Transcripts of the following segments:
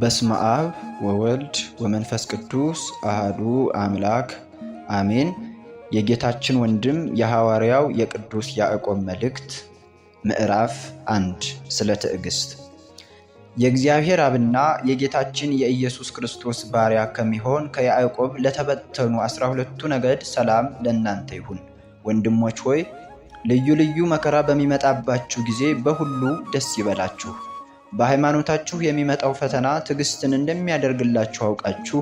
በስመ አብ ወወልድ ወመንፈስ ቅዱስ አህዱ አምላክ አሜን። የጌታችን ወንድም የሐዋርያው የቅዱስ ያዕቆብ መልእክት ምዕራፍ አንድ ስለ ትዕግስት። የእግዚአብሔር አብና የጌታችን የኢየሱስ ክርስቶስ ባሪያ ከሚሆን ከያዕቆብ ለተበተኑ አስራ ሁለቱ ነገድ ሰላም ለእናንተ ይሁን። ወንድሞች ሆይ ልዩ ልዩ መከራ በሚመጣባችሁ ጊዜ በሁሉ ደስ ይበላችሁ። በሃይማኖታችሁ የሚመጣው ፈተና ትዕግስትን እንደሚያደርግላችሁ አውቃችሁ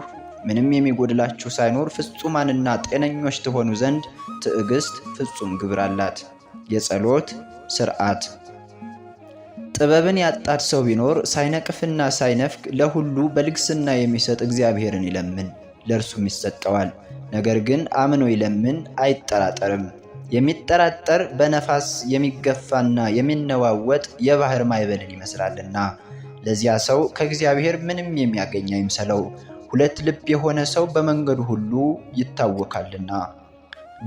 ምንም የሚጎድላችሁ ሳይኖር ፍጹማንና ጤነኞች ትሆኑ ዘንድ ትዕግስት ፍጹም ግብር አላት። የጸሎት ስርዓት። ጥበብን ያጣት ሰው ቢኖር ሳይነቅፍና ሳይነፍቅ ለሁሉ በልግስና የሚሰጥ እግዚአብሔርን ይለምን፣ ለእርሱም ይሰጠዋል። ነገር ግን አምኖ ይለምን፣ አይጠራጠርም። የሚጠራጠር በነፋስ የሚገፋና የሚነዋወጥ የባህር ማዕበልን ይመስላልና ለዚያ ሰው ከእግዚአብሔር ምንም የሚያገኝ አይምሰለው። ሁለት ልብ የሆነ ሰው በመንገዱ ሁሉ ይታወካልና።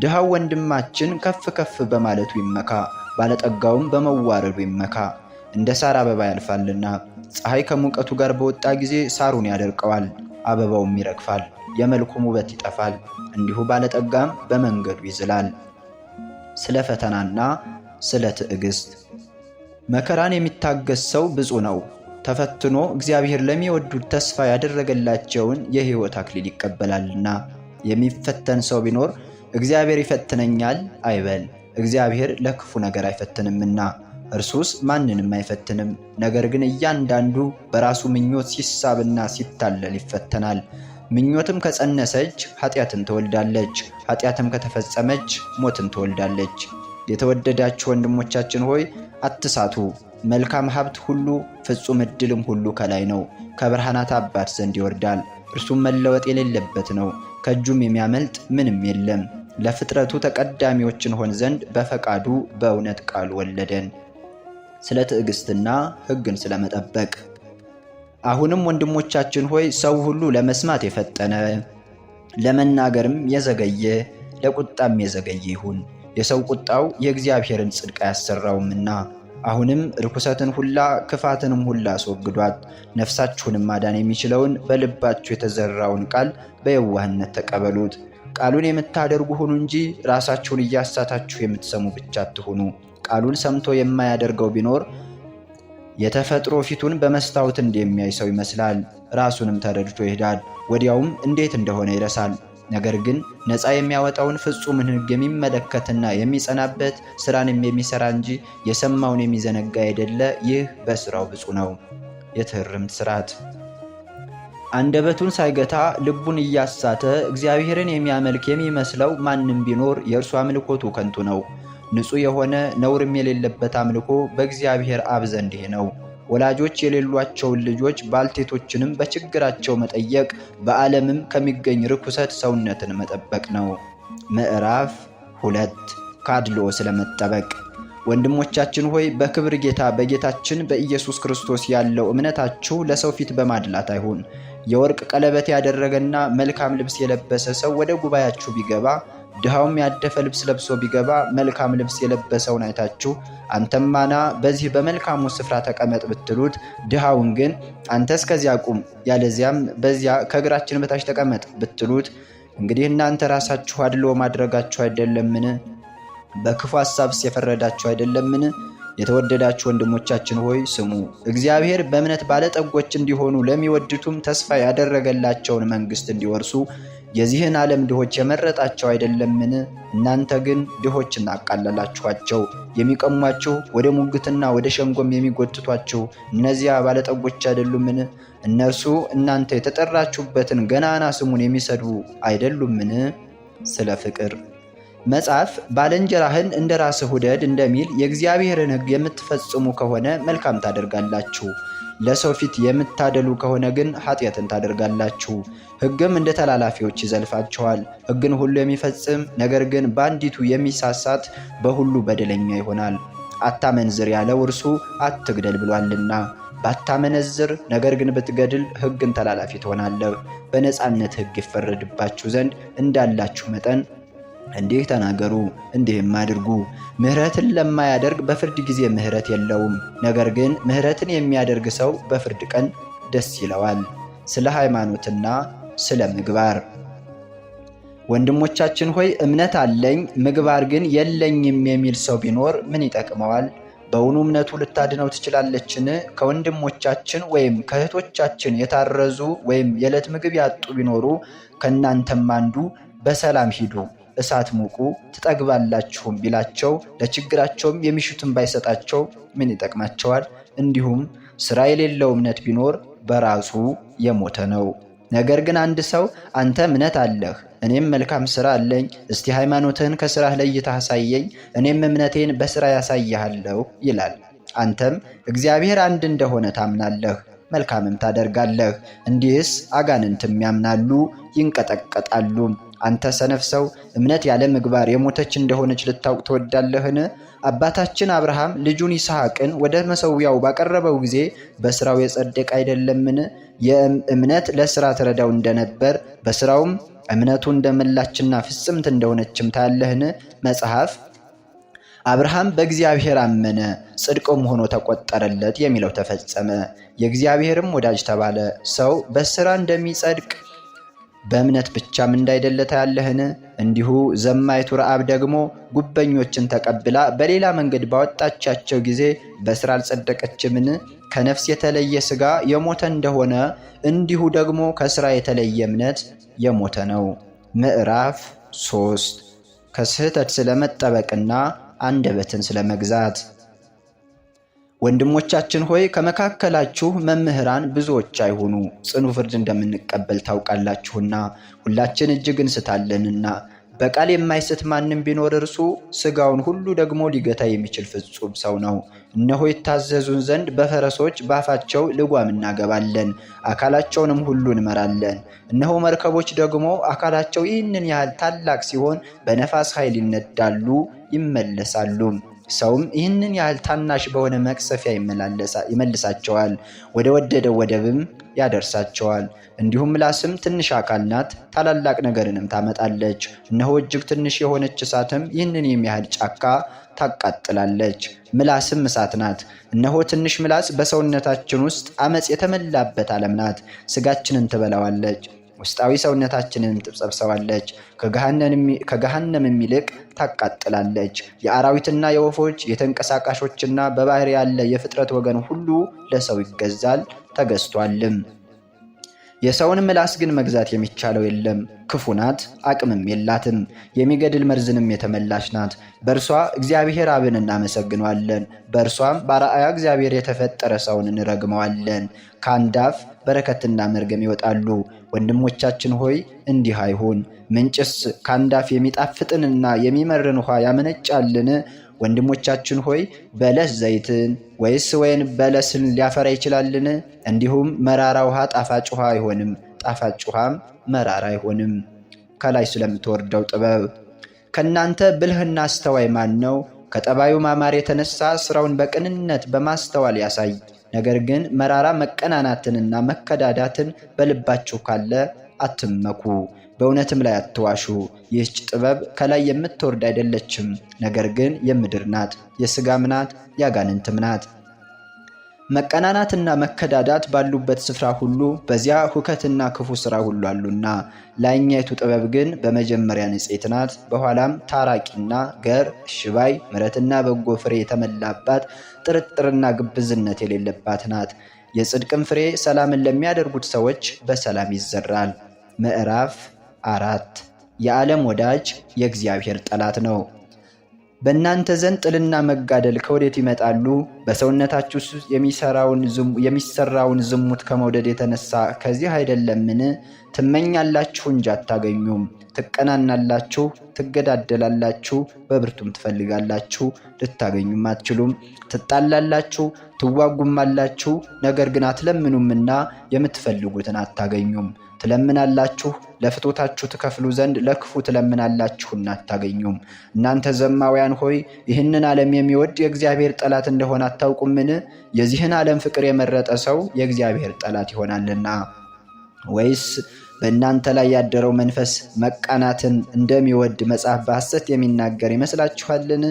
ድሃው ወንድማችን ከፍ ከፍ በማለቱ ይመካ፣ ባለጠጋውም በመዋረዱ ይመካ። እንደ ሳር አበባ ያልፋልና ፀሐይ ከሙቀቱ ጋር በወጣ ጊዜ ሳሩን ያደርቀዋል፣ አበባውም ይረግፋል፣ የመልኩም ውበት ይጠፋል። እንዲሁ ባለጠጋም በመንገዱ ይዝላል። ስለ ፈተናና ስለ ትዕግስት። መከራን የሚታገስ ሰው ብፁ ነው፣ ተፈትኖ እግዚአብሔር ለሚወዱት ተስፋ ያደረገላቸውን የሕይወት አክሊል ይቀበላልና። የሚፈተን ሰው ቢኖር እግዚአብሔር ይፈትነኛል አይበል፣ እግዚአብሔር ለክፉ ነገር አይፈትንምና እርሱስ ማንንም አይፈትንም። ነገር ግን እያንዳንዱ በራሱ ምኞት ሲሳብና ሲታለል ይፈተናል። ምኞትም ከጸነሰች ኃጢአትን ትወልዳለች፣ ኃጢአትም ከተፈጸመች ሞትን ትወልዳለች። የተወደዳችሁ ወንድሞቻችን ሆይ አትሳቱ። መልካም ሀብት ሁሉ ፍጹም ዕድልም ሁሉ ከላይ ነው፣ ከብርሃናት አባት ዘንድ ይወርዳል። እርሱም መለወጥ የሌለበት ነው፣ ከእጁም የሚያመልጥ ምንም የለም። ለፍጥረቱ ተቀዳሚዎች እንሆን ዘንድ በፈቃዱ በእውነት ቃል ወለደን። ስለ ትዕግሥትና ሕግን ስለመጠበቅ አሁንም ወንድሞቻችን ሆይ ሰው ሁሉ ለመስማት የፈጠነ ለመናገርም የዘገየ ለቁጣም የዘገየ ይሁን፣ የሰው ቁጣው የእግዚአብሔርን ጽድቅ አያሰራውምና። አሁንም ርኩሰትን ሁላ ክፋትንም ሁላ አስወግዷት፣ ነፍሳችሁንም ማዳን የሚችለውን በልባችሁ የተዘራውን ቃል በየዋህነት ተቀበሉት። ቃሉን የምታደርጉ ሁኑ እንጂ ራሳችሁን እያሳታችሁ የምትሰሙ ብቻ አትሁኑ። ቃሉን ሰምቶ የማያደርገው ቢኖር የተፈጥሮ ፊቱን በመስታወት እንደሚያይ ሰው ይመስላል። ራሱንም ተረድቶ ይሄዳል። ወዲያውም እንዴት እንደሆነ ይረሳል። ነገር ግን ነፃ የሚያወጣውን ፍጹምን ሕግ የሚመለከትና የሚጸናበት ስራንም የሚሰራ እንጂ የሰማውን የሚዘነጋ አይደለ። ይህ በስራው ብፁ ነው። የትህርምት ስርዓት አንደበቱን ሳይገታ ልቡን እያሳተ እግዚአብሔርን የሚያመልክ የሚመስለው ማንም ቢኖር የእርሱ አምልኮቱ ከንቱ ነው። ንጹሕ የሆነ ነውርም የሌለበት አምልኮ በእግዚአብሔር አብ ዘንድ ነው። ወላጆች የሌሏቸውን ልጆች ባልቴቶችንም በችግራቸው መጠየቅ በዓለምም ከሚገኝ ርኩሰት ሰውነትን መጠበቅ ነው። ምዕራፍ ሁለት ካድሎ ስለመጠበቅ ወንድሞቻችን ሆይ በክብር ጌታ በጌታችን በኢየሱስ ክርስቶስ ያለው እምነታችሁ ለሰው ፊት በማድላት አይሁን። የወርቅ ቀለበት ያደረገና መልካም ልብስ የለበሰ ሰው ወደ ጉባኤያችሁ ቢገባ ድሃውም ያደፈ ልብስ ለብሶ ቢገባ መልካም ልብስ የለበሰውን አይታችሁ አንተማ በዚህ በመልካሙ ስፍራ ተቀመጥ ብትሉት፣ ድሃውን ግን አንተስ ከዚያ ቁም ያለዚያም በዚያ ከእግራችን በታች ተቀመጥ ብትሉት፣ እንግዲህ እናንተ ራሳችሁ አድሎ ማድረጋችሁ አይደለምን? በክፉ ሐሳብስ የፈረዳችሁ አይደለምን? የተወደዳችሁ ወንድሞቻችን ሆይ ስሙ። እግዚአብሔር በእምነት ባለጠጎች እንዲሆኑ ለሚወድቱም ተስፋ ያደረገላቸውን መንግሥት እንዲወርሱ የዚህን ዓለም ድሆች የመረጣቸው አይደለምን? እናንተ ግን ድሆችን እናቃለላችኋቸው፣ የሚቀሟችሁ ወደ ሙግትና ወደ ሸንጎም የሚጎትቷችሁ እነዚያ ባለጠጎች አይደሉምን? እነርሱ እናንተ የተጠራችሁበትን ገናና ስሙን የሚሰድቡ አይደሉምን? ስለ ፍቅር መጽሐፍ ባልንጀራህን እንደ ራስህ ውደድ እንደሚል የእግዚአብሔርን ሕግ የምትፈጽሙ ከሆነ መልካም ታደርጋላችሁ። ለሰው ፊት የምታደሉ ከሆነ ግን ኃጢአትን ታደርጋላችሁ፣ ሕግም እንደ ተላላፊዎች ይዘልፋችኋል። ሕግን ሁሉ የሚፈጽም ነገር ግን በአንዲቱ የሚሳሳት በሁሉ በደለኛ ይሆናል። አታመንዝር ያለው እርሱ አትግደል ብሏልና ባታመነዝር ነገር ግን ብትገድል ሕግን ተላላፊ ትሆናለህ። በነፃነት ሕግ ይፈረድባችሁ ዘንድ እንዳላችሁ መጠን እንዲህ ተናገሩ፣ እንዲህም አድርጉ። ምሕረትን ለማያደርግ በፍርድ ጊዜ ምሕረት የለውም። ነገር ግን ምሕረትን የሚያደርግ ሰው በፍርድ ቀን ደስ ይለዋል። ስለ ሃይማኖትና ስለ ምግባር። ወንድሞቻችን ሆይ እምነት አለኝ ምግባር ግን የለኝም የሚል ሰው ቢኖር ምን ይጠቅመዋል? በውኑ እምነቱ ልታድነው ትችላለችን? ከወንድሞቻችን ወይም ከእህቶቻችን የታረዙ ወይም የዕለት ምግብ ያጡ ቢኖሩ ከእናንተም አንዱ በሰላም ሂዱ እሳት ሙቁ ትጠግባላችሁም ቢላቸው ለችግራቸውም የሚሹትን ባይሰጣቸው ምን ይጠቅማቸዋል? እንዲሁም ስራ የሌለው እምነት ቢኖር በራሱ የሞተ ነው። ነገር ግን አንድ ሰው አንተ እምነት አለህ፣ እኔም መልካም ስራ አለኝ፣ እስቲ ሃይማኖትህን ከስራህ ለይታ አሳየኝ፣ እኔም እምነቴን በስራ ያሳይሃለሁ ይላል። አንተም እግዚአብሔር አንድ እንደሆነ ታምናለህ፣ መልካምም ታደርጋለህ። እንዲህስ አጋንንትም ያምናሉ፣ ይንቀጠቀጣሉም አንተ ሰነፍ ሰው እምነት ያለ ምግባር የሞተች እንደሆነች ልታውቅ ትወዳለህን? አባታችን አብርሃም ልጁን ይስሐቅን ወደ መሰዊያው ባቀረበው ጊዜ በስራው የጸደቀ አይደለምን? የእምነት ለስራ ትረዳው እንደነበር በስራውም እምነቱ እንደመላችና ፍጽምት እንደሆነችም ታያለህን? መጽሐፍ አብርሃም በእግዚአብሔር አመነ ጽድቅም ሆኖ ተቆጠረለት የሚለው ተፈጸመ፣ የእግዚአብሔርም ወዳጅ ተባለ። ሰው በስራ እንደሚጸድቅ በእምነት ብቻም እንዳይደለ ታያለህን? እንዲሁ ዘማይቱ ረአብ ደግሞ ጉበኞችን ተቀብላ በሌላ መንገድ ባወጣቻቸው ጊዜ በስራ አልጸደቀችምን? ከነፍስ የተለየ ስጋ የሞተ እንደሆነ እንዲሁ ደግሞ ከስራ የተለየ እምነት የሞተ ነው። ምዕራፍ ሶስት ከስህተት ስለመጠበቅና አንደበትን ስለመግዛት ወንድሞቻችን ሆይ ከመካከላችሁ መምህራን ብዙዎች አይሁኑ፣ ጽኑ ፍርድ እንደምንቀበል ታውቃላችሁና። ሁላችን እጅግ እንስታለንና በቃል የማይስት ማንም ቢኖር እርሱ ሥጋውን ሁሉ ደግሞ ሊገታ የሚችል ፍጹም ሰው ነው። እነሆ ይታዘዙን ዘንድ በፈረሶች ባፋቸው ልጓም እናገባለን፣ አካላቸውንም ሁሉ እንመራለን። እነሆ መርከቦች ደግሞ አካላቸው ይህንን ያህል ታላቅ ሲሆን በነፋስ ኃይል ይነዳሉ፣ ይመለሳሉ። ሰውም ይህንን ያህል ታናሽ በሆነ መቅሰፊያ ይመልሳቸዋል፣ ወደ ወደደው ወደብም ያደርሳቸዋል። እንዲሁም ምላስም ትንሽ አካል ናት፣ ታላላቅ ነገርንም ታመጣለች። እነሆ እጅግ ትንሽ የሆነች እሳትም ይህንን የሚያህል ጫካ ታቃጥላለች። ምላስም እሳት ናት። እነሆ ትንሽ ምላስ በሰውነታችን ውስጥ አመፅ የተመላበት ዓለም ናት፣ ስጋችንን ትበላዋለች ውስጣዊ ሰውነታችንንም ትጸብሰባለች፣ ከገሃነምም ይልቅ ታቃጥላለች። የአራዊትና የወፎች የተንቀሳቃሾችና በባህር ያለ የፍጥረት ወገን ሁሉ ለሰው ይገዛል ተገዝቷልም። የሰውን ምላስ ግን መግዛት የሚቻለው የለም። ክፉ ናት፣ አቅምም የላትም። የሚገድል መርዝንም የተመላች ናት። በእርሷ እግዚአብሔር አብን እናመሰግነዋለን። በእርሷም በአርአያ እግዚአብሔር የተፈጠረ ሰውን እንረግመዋለን። ከአንድ አፍ በረከትና መርገም ይወጣሉ። ወንድሞቻችን ሆይ እንዲህ አይሁን። ምንጭስ ከአንድ አፍ የሚጣፍጥንና የሚመርን ውኃ ያመነጫልን? ወንድሞቻችን ሆይ በለስ ዘይትን ወይስ ወይን በለስን ሊያፈራ ይችላልን? እንዲሁም መራራ ውሃ ጣፋጭ ውሃ አይሆንም፣ ጣፋጭ ውሃም መራራ አይሆንም። ከላይ ስለምትወርደው ጥበብ ከእናንተ ብልህና አስተዋይ ማን ነው? ከጠባዩ ማማር የተነሳ ስራውን በቅንነት በማስተዋል ያሳይ። ነገር ግን መራራ መቀናናትንና መከዳዳትን በልባችሁ ካለ አትመኩ። በእውነትም ላይ አትዋሹ። ይህች ጥበብ ከላይ የምትወርድ አይደለችም፣ ነገር ግን የምድር ናት፣ የሥጋም ናት፣ ያጋንንትም ናት። መቀናናትና መከዳዳት ባሉበት ስፍራ ሁሉ በዚያ ሁከትና ክፉ ሥራ ሁሉ አሉና፣ ላይኛይቱ ጥበብ ግን በመጀመሪያ ንጽሕት ናት፣ በኋላም ታራቂና ገር፣ እሽባይ፣ ምረትና በጎ ፍሬ የተመላባት ጥርጥርና ግብዝነት የሌለባት ናት። የጽድቅም ፍሬ ሰላምን ለሚያደርጉት ሰዎች በሰላም ይዘራል። ምዕራፍ አራት የዓለም ወዳጅ የእግዚአብሔር ጠላት ነው። በእናንተ ዘንድ ጥልና መጋደል ከወዴት ይመጣሉ? በሰውነታችሁ የሚሰራውን ዝሙት ከመውደድ የተነሳ ከዚህ አይደለምን? ትመኛላችሁ እንጂ አታገኙም፣ ትቀናናላችሁ፣ ትገዳደላላችሁ፣ በብርቱም ትፈልጋላችሁ፣ ልታገኙም አትችሉም። ትጣላላችሁ፣ ትዋጉማላችሁ፣ ነገር ግን አትለምኑምና የምትፈልጉትን አታገኙም። ትለምናላችሁ ለፍቶታችሁ ትከፍሉ ዘንድ ለክፉ ትለምናላችሁና አታገኙም። እናንተ ዘማውያን ሆይ ይህንን ዓለም የሚወድ የእግዚአብሔር ጠላት እንደሆነ አታውቁምን? የዚህን ዓለም ፍቅር የመረጠ ሰው የእግዚአብሔር ጠላት ይሆናልና። ወይስ በእናንተ ላይ ያደረው መንፈስ መቃናትን እንደሚወድ መጽሐፍ በሐሰት የሚናገር ይመስላችኋልን?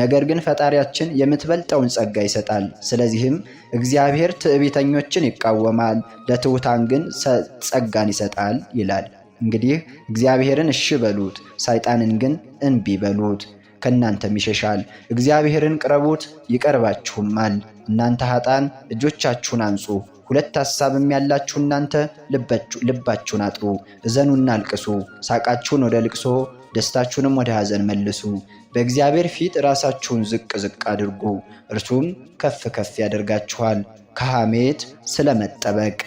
ነገር ግን ፈጣሪያችን የምትበልጠውን ጸጋ ይሰጣል። ስለዚህም እግዚአብሔር ትዕቢተኞችን ይቃወማል፣ ለትሑታን ግን ጸጋን ይሰጣል ይላል። እንግዲህ እግዚአብሔርን እሺ በሉት፣ ሰይጣንን ግን እንቢ በሉት። ከእናንተም ይሸሻል። እግዚአብሔርን ቅረቡት ይቀርባችሁማል። እናንተ ኃጣን እጆቻችሁን አንጹ። ሁለት ሐሳብም ያላችሁ እናንተ ልባችሁን አጥሩ። እዘኑና አልቅሱ። ሳቃችሁን ወደ ልቅሶ ደስታችሁንም ወደ ሐዘን መልሱ። በእግዚአብሔር ፊት ራሳችሁን ዝቅ ዝቅ አድርጉ፣ እርሱም ከፍ ከፍ ያደርጋችኋል። ከሐሜት ስለመጠበቅ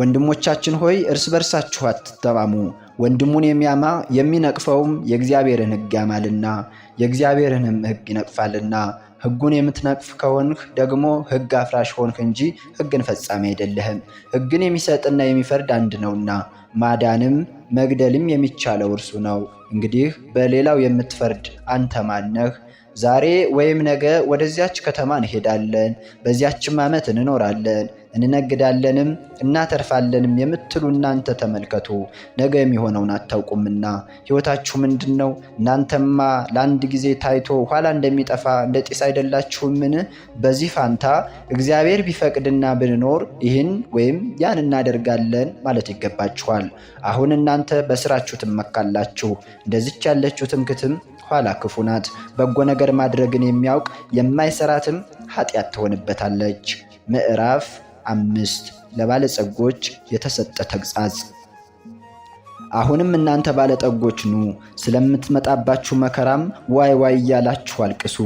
ወንድሞቻችን ሆይ እርስ በርሳችሁ አትተማሙ፣ ወንድሙን የሚያማ የሚነቅፈውም የእግዚአብሔርን ሕግ ያማልና የእግዚአብሔርንም ሕግ ይነቅፋልና። ሕጉን የምትነቅፍ ከሆንህ ደግሞ ሕግ አፍራሽ ሆንህ እንጂ ሕግን ፈጻሚ አይደለህም። ሕግን የሚሰጥና የሚፈርድ አንድ ነውና ማዳንም መግደልም የሚቻለው እርሱ ነው። እንግዲህ በሌላው የምትፈርድ አንተ ማነህ? ዛሬ ወይም ነገ ወደዚያች ከተማ እንሄዳለን፣ በዚያችም ዓመት እንኖራለን እንነግዳለንም እናተርፋለንም የምትሉ እናንተ ተመልከቱ፣ ነገ የሚሆነውን አታውቁምና ሕይወታችሁ ምንድን ነው? እናንተማ ለአንድ ጊዜ ታይቶ ኋላ እንደሚጠፋ እንደ ጢስ አይደላችሁምን? በዚህ ፋንታ እግዚአብሔር ቢፈቅድና ብንኖር ይህን ወይም ያን እናደርጋለን ማለት ይገባችኋል። አሁን እናንተ በስራችሁ ትመካላችሁ። እንደዚች ያለችው ትምክትም ኋላ ክፉ ናት። በጎ ነገር ማድረግን የሚያውቅ የማይሰራትም ኃጢአት ትሆንበታለች። ምዕራፍ አምስት ለባለጸጎች የተሰጠ ተግሣጽ። አሁንም እናንተ ባለጠጎች ኑ፣ ስለምትመጣባችሁ መከራም ዋይ ዋይ እያላችሁ አልቅሱ።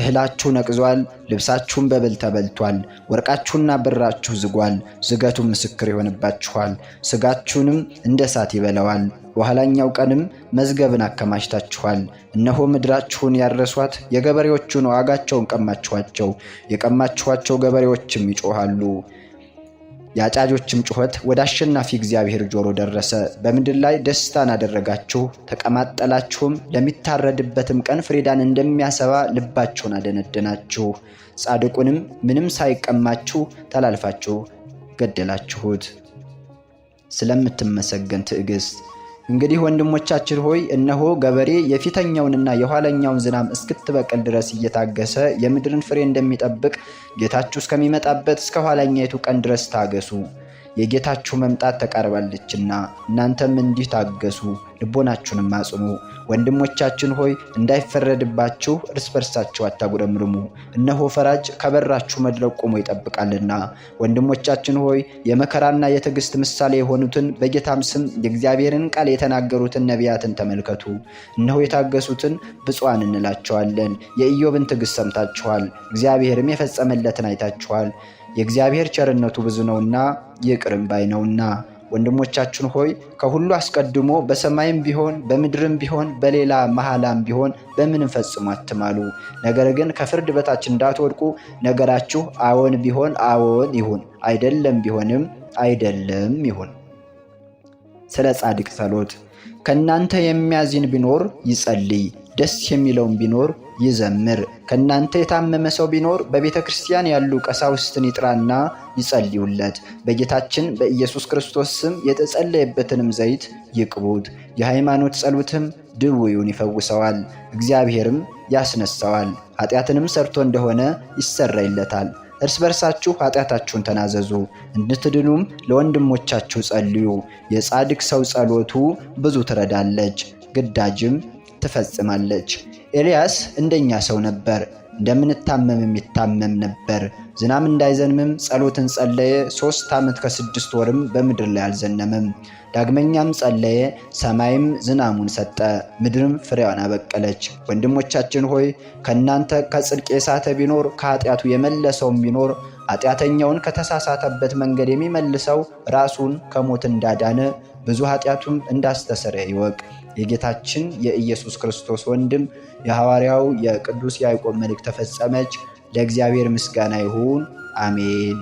እህላችሁ ነቅዟል፣ ልብሳችሁን በብል ተበልቷል፣ ወርቃችሁና ብራችሁ ዝጓል፣ ዝገቱ ምስክር ይሆንባችኋል፣ ስጋችሁንም እንደ እሳት ይበለዋል። በኋላኛው ቀንም መዝገብን አከማችታችኋል። እነሆ ምድራችሁን ያረሷት የገበሬዎቹን ዋጋቸውን ቀማችኋቸው፣ የቀማችኋቸው ገበሬዎችም ይጮሃሉ። የአጫጆችም ጩኸት ወደ አሸናፊ እግዚአብሔር ጆሮ ደረሰ። በምድር ላይ ደስታን አደረጋችሁ ተቀማጠላችሁም፣ ለሚታረድበትም ቀን ፍሬዳን እንደሚያሰባ ልባችሁን አደነደናችሁ። ጻድቁንም ምንም ሳይቀማችሁ ተላልፋችሁ ገደላችሁት። ስለምትመሰገን ትዕግስት እንግዲህ ወንድሞቻችን ሆይ እነሆ ገበሬ የፊተኛውንና የኋለኛውን ዝናብ እስክትበቅል ድረስ እየታገሰ የምድርን ፍሬ እንደሚጠብቅ ጌታችሁ እስከሚመጣበት እስከ ኋለኛይቱ ቀን ድረስ ታገሱ። የጌታችሁ መምጣት ተቃርባለችና እናንተም እንዲህ ታገሱ፣ ልቦናችሁንም አጽኑ። ወንድሞቻችን ሆይ እንዳይፈረድባችሁ እርስ በርሳችሁ አታጉረምርሙ፣ እነሆ ፈራጅ ከበራችሁ መድረክ ቆሞ ይጠብቃልና። ወንድሞቻችን ሆይ የመከራና የትዕግስት ምሳሌ የሆኑትን በጌታም ስም የእግዚአብሔርን ቃል የተናገሩትን ነቢያትን ተመልከቱ። እነሆ የታገሱትን ብፁዓን እንላቸዋለን። የኢዮብን ትዕግስት ሰምታችኋል፣ እግዚአብሔርም የፈጸመለትን አይታችኋል። የእግዚአብሔር ቸርነቱ ብዙ ነውና ይቅርም ባይ ነውና። ወንድሞቻችን ሆይ ከሁሉ አስቀድሞ በሰማይም ቢሆን በምድርም ቢሆን በሌላ መሐላም ቢሆን በምንም ፈጽሞ አትማሉ። ነገር ግን ከፍርድ በታች እንዳትወድቁ ነገራችሁ አዎን ቢሆን አዎን ይሁን፣ አይደለም ቢሆንም አይደለም ይሁን። ስለ ጻድቅ ጸሎት ከእናንተ የሚያዝን ቢኖር ይጸልይ ደስ የሚለውም ቢኖር ይዘምር። ከእናንተ የታመመ ሰው ቢኖር በቤተ ክርስቲያን ያሉ ቀሳውስትን ይጥራና ይጸልዩለት። በጌታችን በኢየሱስ ክርስቶስ ስም የተጸለየበትንም ዘይት ይቅቡት። የሃይማኖት ጸሎትም ድውዩን ይፈውሰዋል፣ እግዚአብሔርም ያስነሳዋል። ኃጢአትንም ሰርቶ እንደሆነ ይሰረይለታል። እርስ በርሳችሁ ኃጢአታችሁን ተናዘዙ፣ እንድትድኑም ለወንድሞቻችሁ ጸልዩ። የጻድቅ ሰው ጸሎቱ ብዙ ትረዳለች፣ ግዳጅም ትፈጽማለች። ኤልያስ እንደኛ ሰው ነበር። እንደምንታመም የሚታመም ነበር። ዝናም እንዳይዘንምም ጸሎትን ጸለየ። ሶስት ዓመት ከስድስት ወርም በምድር ላይ አልዘነምም። ዳግመኛም ጸለየ፣ ሰማይም ዝናሙን ሰጠ፣ ምድርም ፍሬዋን አበቀለች። ወንድሞቻችን ሆይ ከእናንተ ከጽድቅ የሳተ ቢኖር ከኃጢአቱ የመለሰውም ቢኖር ኃጢአተኛውን ከተሳሳተበት መንገድ የሚመልሰው ራሱን ከሞት እንዳዳነ ብዙ ኃጢአቱም እንዳስተሰረ ይወቅ። የጌታችን የኢየሱስ ክርስቶስ ወንድም የሐዋርያው የቅዱስ ያዕቆብ መልእክት ተፈጸመች። ለእግዚአብሔር ምስጋና ይሁን፣ አሜን።